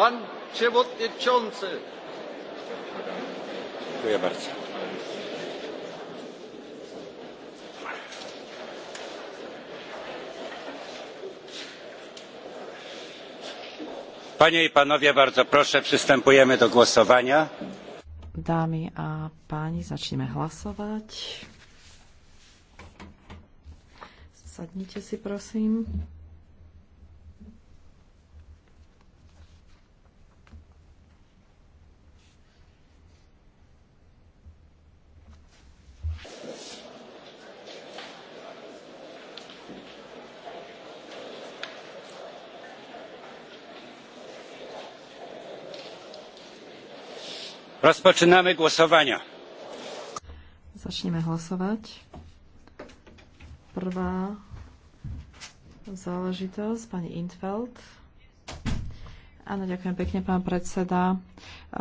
Pan przewodniczący. Dziękuję bardzo. Panie i panowie, bardzo proszę, przystępujemy do głosowania. Dámy a páni, začneme hlasovať. Sadnite si, prosím. Rozpoczynamy głosowania. Začneme hlasovať. Prvá záležitosť, pani Intfeld. Áno, ďakujem pekne, pán predseda.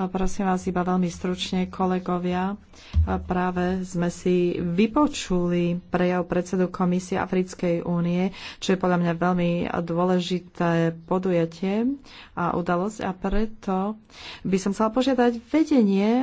Prosím vás iba veľmi stručne, kolegovia. Práve sme si vypočuli prejav predsedu Komisie Africkej únie, čo je podľa mňa veľmi dôležité podujatie a udalosť. A preto by som chcela požiadať vedenie